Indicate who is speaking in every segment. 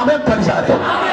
Speaker 1: हमें परेशान है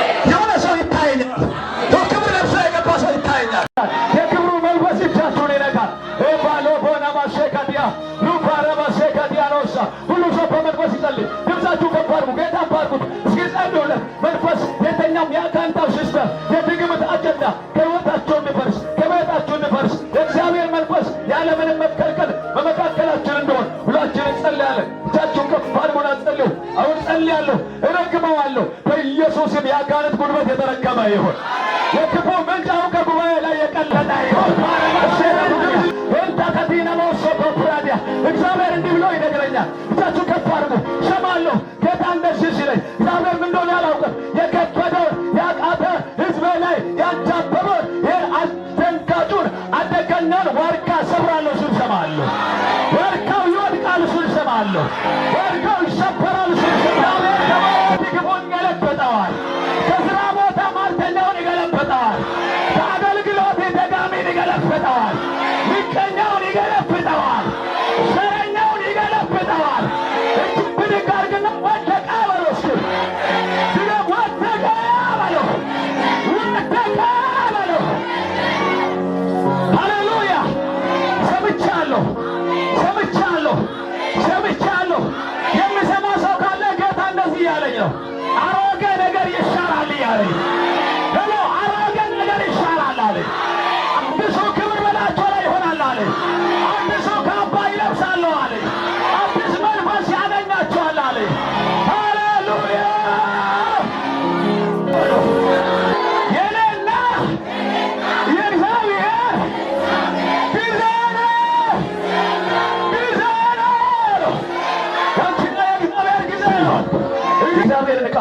Speaker 1: Woo!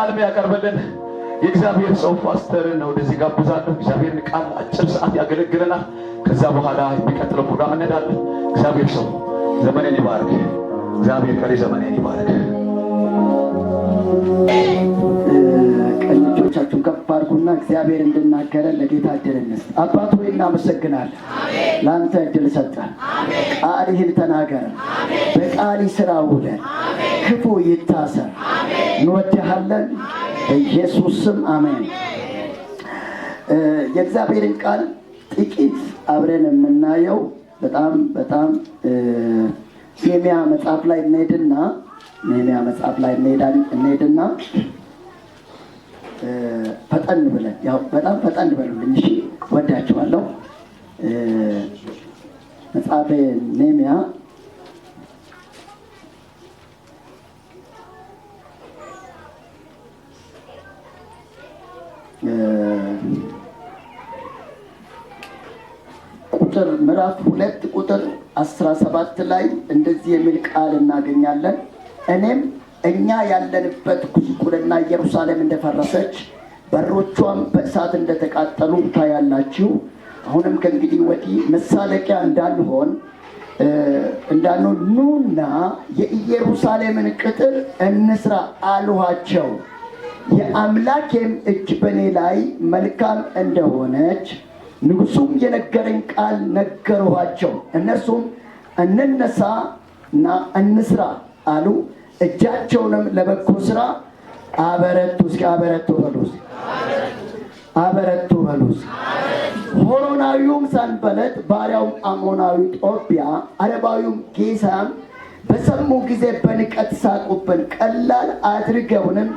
Speaker 1: ቃል የሚያቀርብልን የእግዚአብሔር ሰው ፓስተርን ነው። ወደዚህ ጋብዛለሁ። እግዚአብሔርን ቃል አጭር ሰዓት ያገለግለናል። ከዛ በኋላ የሚቀጥለው ፕሮግራም እንሄዳለን። እግዚአብሔር ሰው ዘመኔን ይባርክ። እግዚአብሔር ቀሪ ዘመኔን ይባርክ። ቀኝ እጆቻችሁን ከፍ አድርጉና እግዚአብሔር እንድናገረ ለጌታ እድል እንስጥ። አባት ሆይ እናመሰግናለን፣ ለአንተ እድል ሰጠን። ቃልህን ተናገረ፣ በቃል ስራ ውለን፣ ክፉ ይታሰር እንወድሃለን። በኢየሱስ ስም አሜን። የእግዚአብሔርን ቃል ጥቂት አብረን የምናየው በጣም በጣም ኔሚያ መጽሐፍ ላይ እንሄድና ኔሚያ መጽሐፍ ላይ እንሄድና ፈጠን ብለን ያው በጣም ፈጠን በሉልኝ እሺ፣ ወዳችኋለሁ። መጽሐፈ ኔሚያ ቁጥር ምዕራፍ ሁለት ቁጥር አስራ ሰባት ላይ እንደዚህ የሚል ቃል እናገኛለን። እኔም እኛ ያለንበት ጉስቁልና ኢየሩሳሌም እንደፈረሰች በሮቿም በእሳት እንደተቃጠሉ ታያላችሁ። አሁንም ከእንግዲህ ወዲህ መሳለቂያ እንዳንሆን እንዳንሆን ኑና የኢየሩሳሌምን ቅጥር እንስራ አልኋቸው። የአምላኬም እጅ በእኔ ላይ መልካም እንደሆነች ንጉሱም የነገረኝ ቃል ነገሯቸው። እነርሱም እንነሳ እና እንስራ አሉ። እጃቸውንም ለበጎ ስራ አበረቱ። እስኪ አበረቱ በሉስ፣ አበረቱ በሉስ። ሆሮናዊውም ሰንበለት፣ ባሪያውም አሞናዊ ጦቢያ፣ አረባዊውም ጌሳም በሰሙ ጊዜ በንቀት ሳቁብን። ቀላል አድርገውንም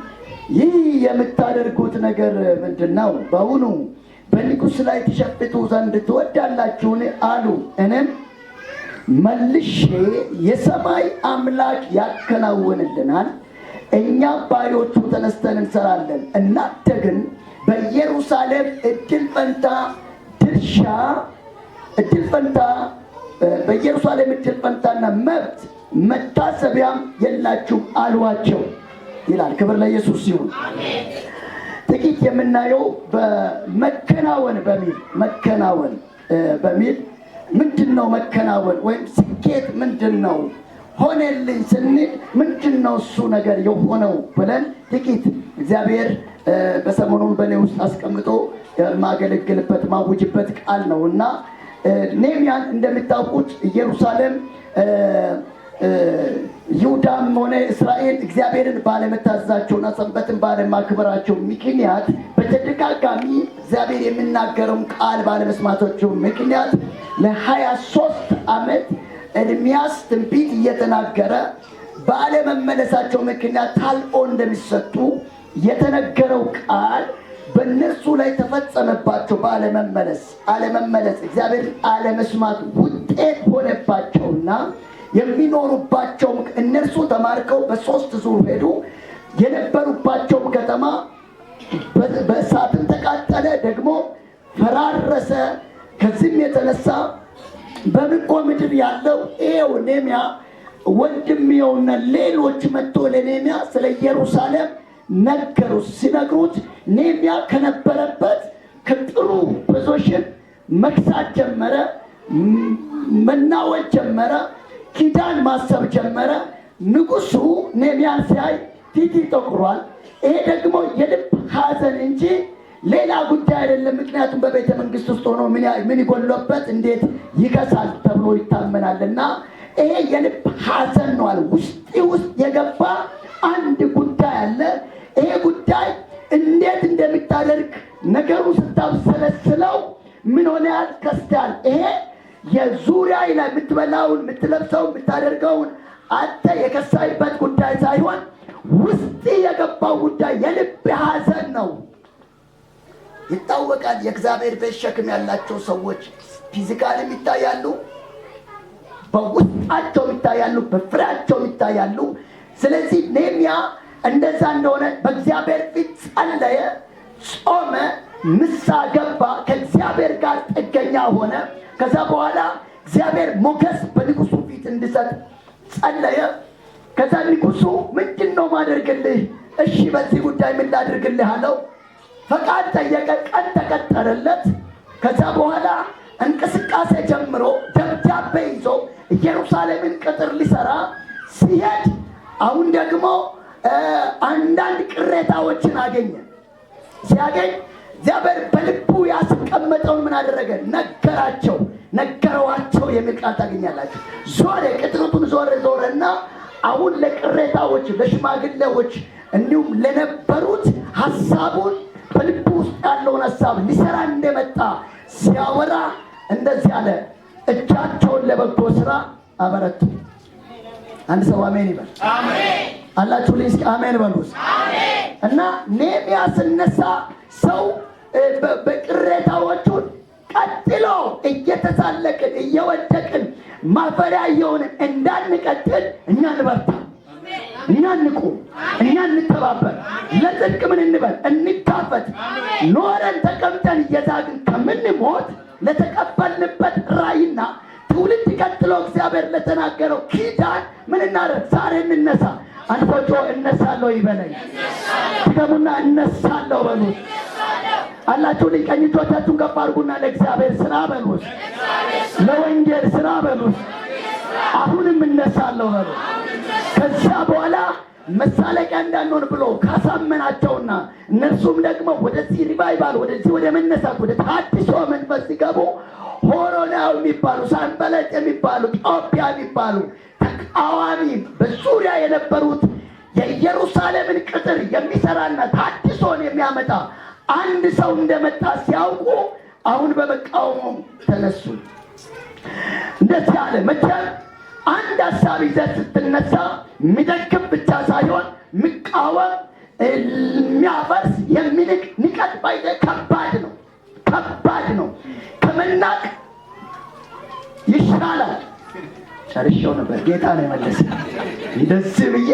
Speaker 1: ይህ የምታደርጉት ነገር ምንድን ነው? በውኑ በንጉሥ ላይ ትሸፍቱ ዘንድ ትወዳላችሁን? አሉ። እኔም መልሼ የሰማይ አምላክ ያከናውንልናል፣ እኛ ባሪዎቹ ተነስተን እንሰራለን፣ እናንተ ግን በኢየሩሳሌም እድል ፈንታ ድርሻ እድል ፈንታ በኢየሩሳሌም እድል ፈንታና መብት መታሰቢያም የላችሁ አሏቸው። ይላል። ክብር ለኢየሱስ ይሁን። ጥቂት የምናየው በመከናወን በሚል መከናወን በሚል ምንድን ነው መከናወን ወይም ስኬት ምንድን ነው? ሆነልኝ ስንል ምንድን ነው እሱ ነገር የሆነው ብለን ጥቂት እግዚአብሔር በሰሞኑን በእኔ ውስጥ አስቀምጦ የማገለግልበት ማውጅበት ቃል ነው እና ኔምያን እንደምታውቁት ኢየሩሳሌም ይሁዳም ሆነ እስራኤል እግዚአብሔርን ባለመታዘዛቸውና ሰንበትን ባለማክበራቸው ምክንያት በተደጋጋሚ እግዚአብሔር የምናገረውን ቃል ባለመስማታቸው ምክንያት ለሀያ ሶስት ዓመት እድሜያስ ትንቢት እየተናገረ ባለመመለሳቸው ምክንያት ታልቆ እንደሚሰጡ የተነገረው ቃል በእነርሱ ላይ ተፈጸመባቸው። በአለመመለስ አለመመለስ እግዚአብሔር አለመስማት ውጤት ሆነባቸውና የሚኖሩባቸውም እነርሱ ተማርከው በሶስት ዙር ሄዱ። የነበሩባቸውም ከተማ በእሳትም ተቃጠለ፣ ደግሞ ፈራረሰ። ከዚህም የተነሳ በምርኮ ምድር ያለው ይሄው ኔሚያ ወንድም የሆነ ሌሎች መጥቶ ለኔሚያ ስለ ኢየሩሳሌም ነገሩት። ሲነግሩት ኔሚያ ከነበረበት ከጥሩ ፖዚሽን መክሳት ጀመረ፣ መናወጥ ጀመረ። ኪዳን ማሰብ ጀመረ። ንጉሱ ኔምያን ሲያይ ፊት ይጠቁሯል። ይሄ ደግሞ የልብ ሐዘን እንጂ ሌላ ጉዳይ አይደለም። ምክንያቱም በቤተ መንግስት ውስጥ ሆኖ ምን ይጎሎበት እንዴት ይከሳል ተብሎ ይታመናል። እና ይሄ የልብ ሐዘን ነው አለ። ውስጤ ውስጥ የገባ አንድ ጉዳይ አለ። ይሄ ጉዳይ እንዴት እንደምታደርግ ነገሩ ስታብሰለስለው ምን ሆነ ያል ከስታል ይሄ የዙሪያ ላይ የምትበላውን፣ የምትለብሰውን፣ የምታደርገውን አንተ የከሳይበት ጉዳይ ሳይሆን ውስጥ የገባው ጉዳይ የልብ ሐዘን ነው። ይታወቃል። የእግዚአብሔር ቤት ሸክም ያላቸው ሰዎች ፊዚካል ይታያሉ፣ በውስጣቸው ይታያሉ፣ በፍሬያቸው ይታያሉ። ስለዚህ ኔምያ እንደዛ እንደሆነ በእግዚአብሔር ፊት ጸለየ፣ ጾመ። ምሳ ገባ፣ ከእግዚአብሔር ጋር ጥገኛ ሆነ። ከዛ በኋላ እግዚአብሔር ሞገስ በንጉሱ ፊት እንዲሰጥ ጸለየ። ከዛ ንጉሱ ምንድን ነው ማደርግልህ? እሺ በዚህ ጉዳይ ምን ላድርግልህ አለው። ፈቃድ ጠየቀ። ቀን ተቀጠረለት። ከዛ በኋላ እንቅስቃሴ ጀምሮ ደብዳቤ ይዞ ኢየሩሳሌምን ቅጥር ሊሰራ ሲሄድ አሁን ደግሞ አንዳንድ ቅሬታዎችን አገኘ። ሲያገኝ እግዚአብሔር በልቡ ያስቀመጠውን ምን አደረገ? ነገራቸው፣ ነገረዋቸው የሚል ቃል ታገኛላችሁ። ዞረ ቅጥነቱን ዞረ ዞረና አሁን ለቅሬታዎች ለሽማግሌዎች፣ እንዲሁም ለነበሩት ሀሳቡን በልቡ ውስጥ ያለውን ሀሳብ ሊሰራ እንደመጣ ሲያወራ እንደዚህ አለ፣ እጃቸውን ለበጎ ስራ አበረቱ። አንድ ሰው አሜን ይበል። አላችሁ ልጅ አሜን በሉስ። እና ኔሚያ ስነሳ ሰው በቅሬታዎቹን ቀጥሎ እየተሳለቅን እየወደቅን ማፈሪያ እየሆንን እንዳንቀጥል እኛ ንበርታ፣ እኛ ንቁ፣ እኛ እንተባበር፣ ለጽድቅ ምን እንበል እንካፈት። ኖረን ተቀምጠን እየዛግን ከምንሞት ለተቀበልንበት ራይና ትውልድ ቀጥሎ እግዚአብሔር ለተናገረው ኪዳን ምን እናደርግ? ዛሬ እንነሳ። አንድ ሰው እነሳለሁ ይበለኝ። ድገሙና እነሳለሁ በሉት። አላችሁ ልጅ ቀኝ እጆቻችሁን ከፍ አድርጉና ለእግዚአብሔር ስራ በሉስ፣ ለወንጌል ስራ በሉስ። አሁንም እነሳለሁ በሉ። ከዚያ በኋላ መሳለቂያ እንዳንሆን ብሎ ካሳመናቸውና እነርሱም ደግሞ ወደዚህ ሪቫይቫል ወደዚህ ወደ መነሳት ወደ ታድሶ መንፈስ ሲገቡ ሆሮናው የሚባሉ ሳንበለጥ የሚባሉ ጦቢያ የሚባሉ ተቃዋሚ በዙሪያ የነበሩት የኢየሩሳሌምን ቅጥር የሚሰራና ታድሶን የሚያመጣ አንድ ሰው እንደመጣ ሲያውቁ አሁን በመቃወሙ ተነሱ። እንደዚህ አለ። መቼም አንድ ሀሳብ ይዘህ ስትነሳ የሚደግፍ ብቻ ሳይሆን የሚቃወም የሚያፈርስ የሚንቅ ንቀት ባይደ ከባድ ነው፣ ከባድ ነው። ከመናቅ ይሻላል። ጨርሼው ነበር። ጌታ ነው የመለሰ። እንደዚህ ብዬ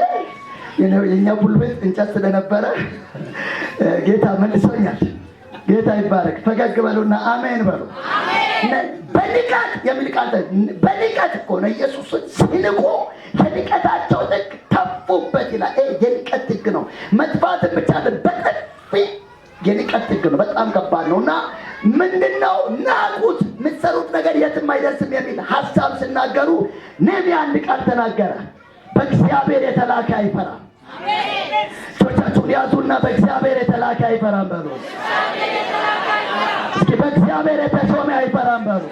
Speaker 1: የእኛ ጉልበት እንጨት ስለነበረ ጌታ መልሶኛል። ጌታ ይባረክ። ፈገግ በሉና አሜን በሉ። በንቀት የሚል ቃል በንቀት እኮ ነው። ኢየሱስን ሲንቁ ከንቀታቸው ጥግ ተፉበት ይላል። የንቀት ጥግ ነው። መጥፋት ብቻ በጥፊ የንቀት ጥግ ነው። በጣም ከባድ ነው እና ምንድነው ናቁት። የምትሰሩት ነገር የትም አይደርስም የሚል ሀሳብ ስናገሩ ነቢይ አንድ ቃል ተናገረ። በእግዚአብሔር የተላከ አይፈራም። እጆቻችሁን ያዙና በእግዚአብሔር የተላከ አይፈራም በሉ። እስኪ በእግዚአብሔር የተሾመ አይፈራም በሉ።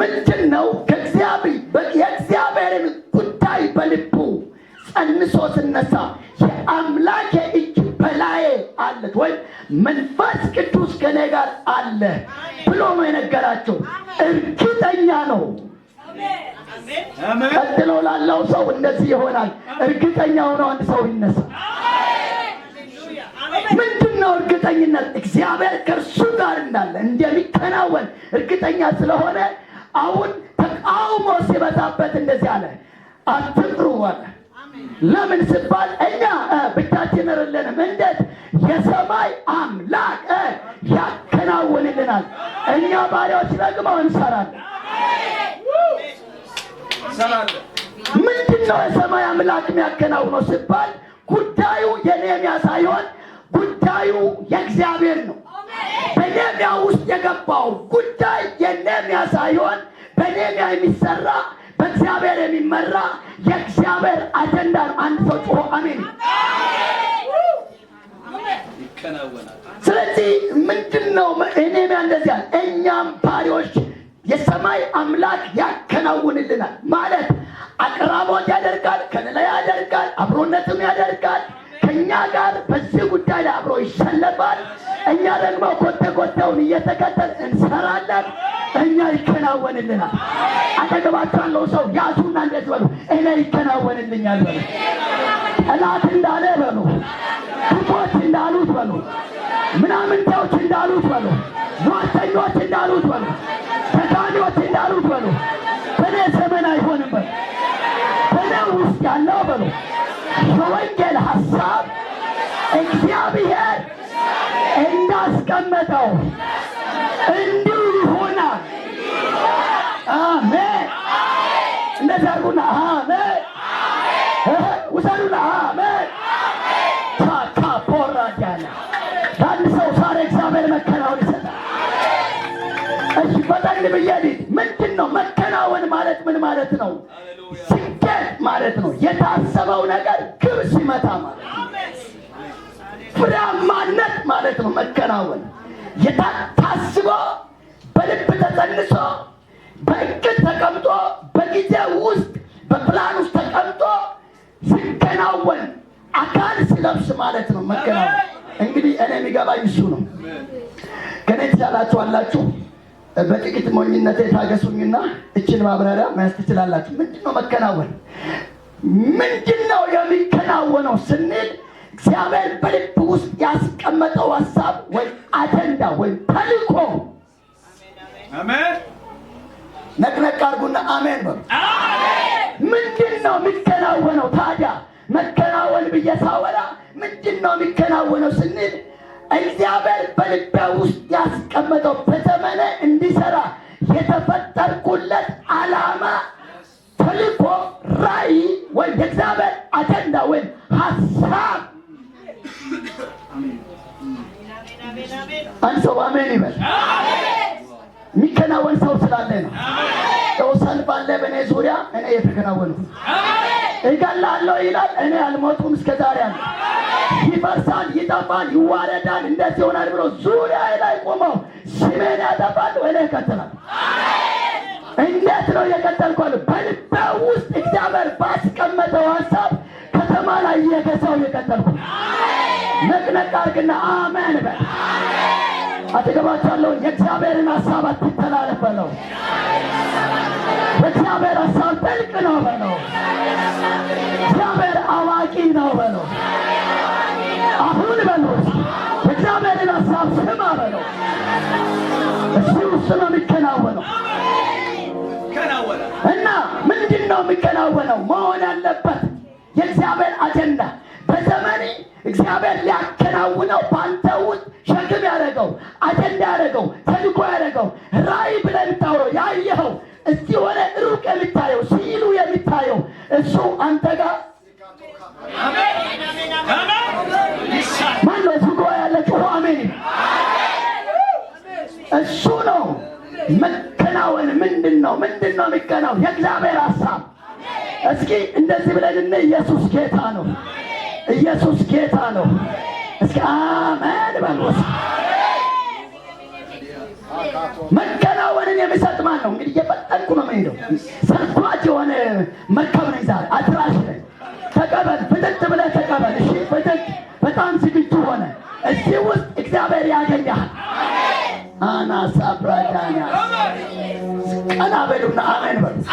Speaker 1: ምንድን ነው የእግዚአብሔርን ጉዳይ በልቡ ጸንሶ ስነሳ የአምላኬ እጅ በላዬ አለች ወይም መንፈስ ቅዱስ ከኔ ጋር አለ ብሎ ነው የነገራቸው። እርግጠኛ ነው ቀጥሎ ላለው ሰው እንደዚህ ይሆናል። እርግጠኛ ሆኖ አንድ ሰው ይነሳ። ምንድን ነው እርግጠኝነት? እግዚአብሔር ከእርሱ ጋር እንዳለ እንደሚከናወን እርግጠኛ ስለሆነ አሁን ተቃውሞ ሲበዛበት እንደዚህ አለ፣ አትፍሩ አለ። ለምን ሲባል እኛ ብቻችን አይደለንም። እንዴት የሰማይ አምላክ ያከናውንልናል። እኛ ባሪያዎች ደግሞ እንሰራለን። ምንድን ነው የሰማይ አምላክ የሚያከናውነው ሲባል ጉዳዩ የኔሚያ ሳይሆን ጉዳዩ የእግዚአብሔር ነው። በኔሚያ ውስጥ የገባው ጉዳይ የኔሚያ ሳይሆን በኔሚያ የሚሰራ በእግዚአብሔር የሚመራ የእግዚአብሔር አጀንዳ ነው። አንድ ሰው ጮሆ አሜን። ስለዚህ ምንድን ነው ኔሚያ እንደዚያ እኛም ባሪዎች የሰማይ አምላክ ያከናውንልናል ማለት አቅራቦት ያደርጋል፣ ከሌላ ያደርጋል፣ አብሮነትም ያደርጋል። ከእኛ ጋር በዚህ ጉዳይ ላይ አብሮ ይሰለፋል። እኛ ደግሞ ኮተ ኮተውን እየተከተል እንሰራለን። እኛ ይከናወንልናል። አጠገባቸው ሰው ያዙና እንዴት በሉ፣ እኔ ይከናወንልኛል በሉ። ጠላት እንዳለ በሉ፣ ክፎች እንዳሉት በሉ፣ ምናምንቴዎች እንዳሉት በሉ፣ ሟርተኞች እንዳሉት በሉ ዳኞች እንዳሉት በሉ በኔ ዘመን አይሆንም በሉ በኔ ውስጥ ያለው በሉ የወንጌል ሐሳብ እግዚአብሔር እንዳስቀመጠው እንዲሁ ይሆናል። አሜን። እንደዛ አድርጉና አሜን ብዬልህ ምንድን ነው መከናወን ማለት ምን ማለት ነው? ስኬት ማለት ነው የታሰበው ነገር ግብ ሲመታ ማለት ፍሬያማነት ማለት ነው መከናወን የታስቦ በልብ ተጸንሶ በእቅድ ተቀምጦ በጊዜ ውስጥ በፕላን ውስጥ ተቀምጦ ሲከናወን አካል ሲለብስ ማለት ነው መከናወን። እንግዲህ እኔ የሚገባኝ እሱ ነው። ያላችሁ አላችሁ በጥቂት ሞኝነት የታገሱኝና እችን ማብራሪያ መያዝ ትችላላችሁ። ነው መከናወን? ምንድን ነው የሚከናወነው ስንል እግዚአብሔር በልብ ውስጥ ያስቀመጠው ሀሳብ ወይ አጀንዳ ወይ ተልእኮ። ነቅነቅ አድርጉና አሜን በሉ። ምንድን ነው የሚከናወነው ታዲያ? መከናወን ብዬ ሳወራ ምንድን ነው የሚከናወነው ስንል እግዚአብሔር በልቤ ውስጥ ያስቀመጠው በዘመነ እንዲሰራ የተፈጠርኩለት አላማ፣ ተልኮ ራእይ ወይ የእግዚአብሔር አጀንዳ ወይም ሀሳብ አንሶ ሰው አሜን ይበል። የሚከናወን ሰው ስላለ ነው። ሰው ባለ አለ በእኔ ዙሪያ እኔ የተከናወንኩ እገላለሁ ይላል። እኔ አልሞቱም እስከ ዛሬ አለ ይፈርሳል፣ ይጠፋል፣ ይዋረዳል፣ እንደዚህ ይሆናል ብሎ ዙሪያ ላይ ቆመው ስሜን ያጠፋሉ፣ እኔ ይከተላል። እንዴት ነው የቀጠልኳል? በልቤ ውስጥ እግዚአብሔር ባስቀመጠው ሀሳብ ከተማ ላይ እየገዛው የቀጠልኩ ነቅነቅ አድርግና አሜን በል አጠገባች ያለውን የእግዚአብሔርን ሀሳብ አትተላለፍ በለው። የእግዚአብሔር ሀሳብ ጥልቅ ነው በለው። እግዚአብሔር አዋቂ ነው በለው። አሁን በሉት የእግዚአብሔርን ሀሳብ ስማ በለው። እሱ ውስጥ ነው የሚከናወነው እና ምንድን ነው የሚከናወነው መሆን ያለበት የእግዚአብሔር አጀንዳ በዘመኔ እግዚአብሔር ሊያከናውነው በአንተ ውስጥ ሸክም ያደረገው አጀንዳ ያደረገው ተልእኮ ያደረገው ራእይ ብለህ የምታውረው ያየኸው እዚህ ሆነ ሩቅ የሚታየው ሲሉ የሚታየው እሱ አንተ ጋር ማነው? ዝጎ ያለ ጩሆ አሜን። እሱ ነው መከናወን። ምንድን ነው ምንድን ነው የሚከናወን? የእግዚአብሔር ሀሳብ። እስኪ እንደዚህ ብለን እነ ኢየሱስ ጌታ ነው ኢየሱስ ጌታ ነው። እስከ አሜን በሉስ። መከናወንን የሚሰጥ ማን ነው? እንግዲህ እየፈጠንኩ ነው የምሄደው። ሰርኳት የሆነ መርከብ ነው ይዛል። አድራሽ ላይ ተቀበል፣ ፍጥጥ ብለህ ተቀበል። እሺ ፍጥጥ፣ በጣም ዝግጁ ሆነ። እዚህ ውስጥ እግዚአብሔር ያገኛል። አናስ አብራዳና ቀና በሉና አሜን በሉስ።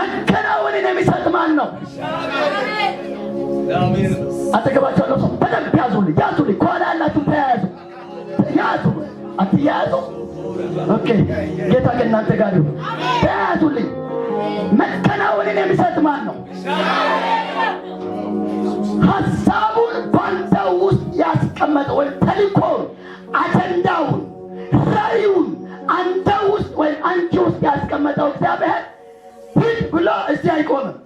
Speaker 1: መከናወንን የሚሰጥ ማን ነው? አጠገባቸው ያለው ሰው በደንብ ያዙልኝ፣ ያዙልኝ። ከኋላ ያላችሁ ተያያዙ፣ ያዙ፣ አትያያዙ። ኦኬ፣ ጌታ ከእናንተ ጋር ይሁን። ተያያዙልኝ። መከናወንን የሚሰጥ ማን ነው? ሀሳቡን ባንተ ውስጥ ያስቀመጠ ወይም ተልእኮውን፣ አጀንዳውን፣ ራእዩን አንተ ውስጥ ወይም አንቺ ውስጥ ያስቀመጠው እግዚአብሔር ብሎ እዚህ አይቆምም።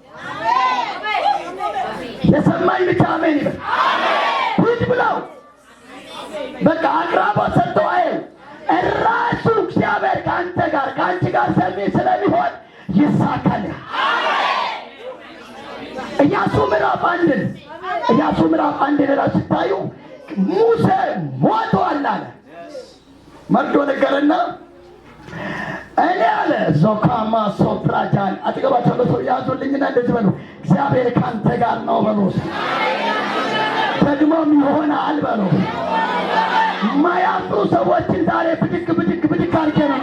Speaker 1: የሰማኝ ብቻ አሜን ይበል። ሂድ ብለው በቃ አቅራቦት ሰጥተው አይል እራሱ እግዚአብሔር ከአንተ ጋር ከአንቺ ጋር ሰሚ ስለሚሆን ይሳካል። ኢያሱ ምዕራፍ አንድን ኢያሱ ምዕራፍ አንድን ላይ ስታዩ ሙሴ ሞቷል አለ መርዶ ነገርና እኔ አለ ዞካማ ሶፕራጃን አጠገባቸው በሰው ያዙልኝና እንደዚህ በሉ፣ እግዚአብሔር ካንተ ጋር ነው በሉ። ደግሞም ይሆናል በሉ። ማያፍሩ ሰዎችን ዛሬ ብድግ ብድግ ብድግ አድርጌ ነው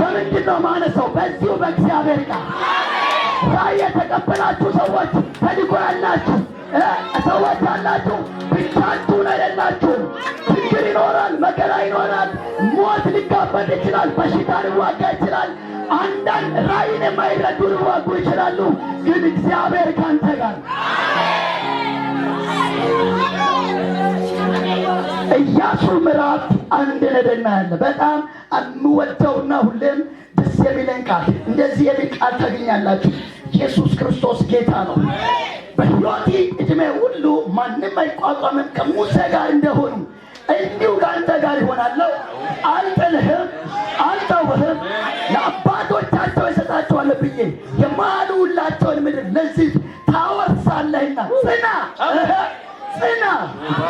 Speaker 1: በምንድን ነው ማለት በዚሁ በእግዚአብሔር ቃል ራእይ የተቀበላችሁ ሰዎች ተድጎ ያላችሁ ሰዎች እሰዋታላችሁ። ብቻችሁን አይደላችሁም። ችግር ይኖራል፣ መከራ ይኖራል፣ ሞት ሊጋበጥ ይችላል፣ በሽታ ሊዋጋ ይችላል። አንዳንድ ራእይን የማይረዱ ሊዋጉ ይችላሉ። ግን እግዚአብሔር ካንተ ጋር ኢያሱ ምዕራፍ አንድ ነደና ያለ በጣም የምወደውና ሁሌም ደስ የሚለን ቃል እንደዚህ የሚል ቃል ታገኛላችሁ። ኢየሱስ ክርስቶስ ጌታ ነው። በሕይወቴ ዕድሜ ሁሉ ማንም አይቋቋምም። ከሙሴ ጋር እንደሆኑ እንዲሁ ከአንተ ጋር ይሆናለሁ። አልጥልህም፣ አልተውህም። ለአባቶቻቸው ይሰጣቸዋለሁ ብዬ የማልውላቸውን ምድር ለዚህ ታወርሳለህና ጽና፣ ጽና።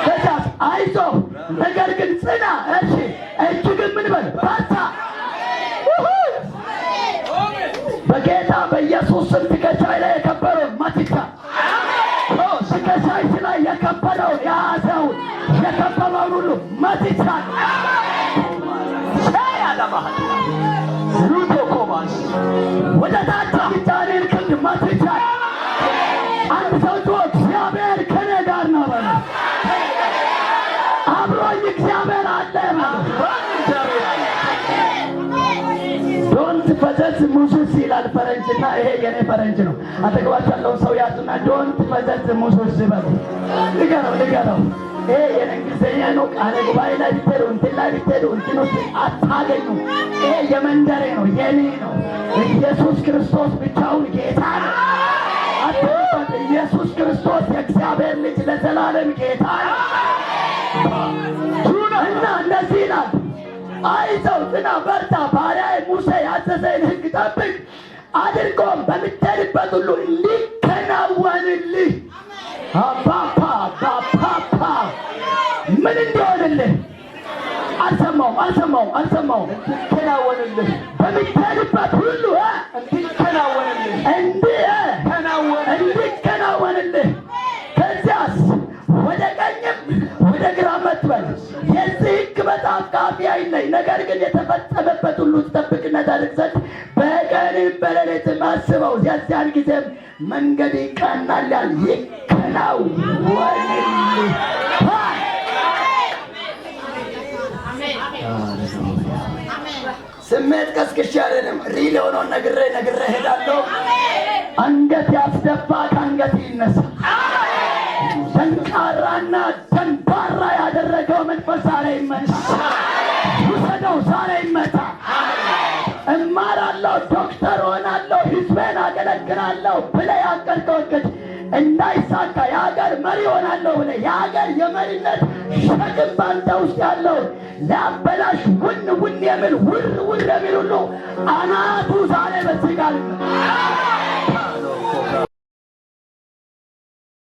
Speaker 1: ከዚያስ አይዞህ ነገር መግባት ይችላል። ያለባህል ሰው ጮ ከኔ ጋር ነው በለ። አብሮኝ ፈዘዝ ሙሱስ ይላል ፈረንጅና፣ ይሄ የኔ ፈረንጅ ነው። አጠገባቸው ያለውን ሰው ያዙና ዶንት ፈዘዝ ሙሱስ በሉ። ንገረው ንገረው የእንግሊዝኛ ነው። ቃለ ጉባኤ ላይ ብትሄዱ፣ እንትን ላይ ብትሄዱ፣ እንትን ውስጥ አታገኙ። ይሄ የመንደሬ ነው፣ የኔ ነው። ኢየሱስ ክርስቶስ ብቻውን ጌታ ነው። ኢየሱስ ክርስቶስ የእግዚአብሔር ልጅ ለዘላለም ጌታ ነው እና እንደዚህ ይላል፣ አይዞህ ጽና፣ በርታ፣ ባሪያዬ ሙሴ ያዘዘህን ሕግ ጠብቅ፣ አድርጎም በምትሄድበት ሁሉ ሊከናወንልህ አባ ምን እንደሆነልህ አልሰማው አልሰማው አልሰማው
Speaker 2: ተናወነልህ
Speaker 1: በሚታልባት ሁሉ እንዲከናወንልህ ከዚያስ ወደ ቀኝም ወደ ግራ መትበል። የዚህ ሕግ መጽሐፍ ከአፍህ አይለይ፣ ነገር ግን የተፈጸመበት ሁሉ ትጠብቅና ታደርግ ዘንድ በቀንም በሌሊትም አስበው። የዚያን ጊዜም መንገድ ይቃናል፣ ይከናወንልህ ስሜት ቀስቅሼ አይደለም፣ ሪል ሆኖ ነግሬ ነግሬ ሄዳለሁ። አንገት ያስደፋ ከአንገት ይነሳ። ደንቃራና ደንባራ ያደረገው መንፈስ ዛሬ ይመታ፣ ውሰደው፣ ዛሬ ይመታ። እማራለሁ፣ ዶክተር ሆናለሁ፣ ህዝቤን አገለግላለሁ ብለ ያቀልቀው እንግዲህ እንዳይሳካ የሀገር መሪ ሆናለሁ ብለህ የሀገር የመሪነት ሸክም ባንተ ውስጥ ያለው ለአበላሽ ውን ውን የሚል ውር ውር የሚል ሁሉ አናቱ ዛሬ በስጋል